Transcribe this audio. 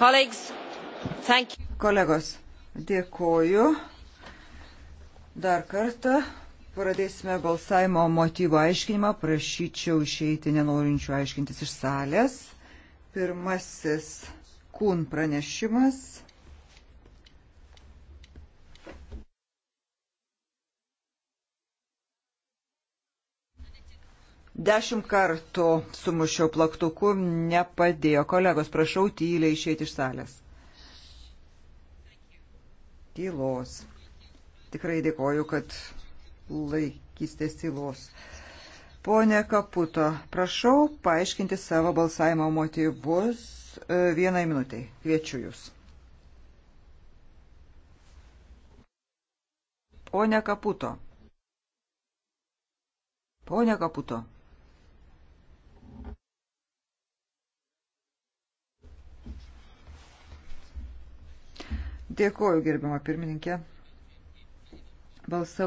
Kolegos, dėkoju. Dar kartą pradėsime balsavimo motyvo aiškinimą. Prašyčiau išeiti nenorinčių aiškintis iš salės. Pirmasis kūn pranešimas. Dešimt kartų sumušiau plaktuku, nepadėjo. Kolegos, prašau tyliai išėti iš salės. Tylos. Tikrai dėkoju, kad laikystės tylos. Pone Kaputo, prašau paaiškinti savo balsavimo motyvus e, vienai minutiai. Kviečiu Jūs. Pone Kaputo. Pone Kaputo. Dėkoju, gerbimo pirmininkė. Balsavau.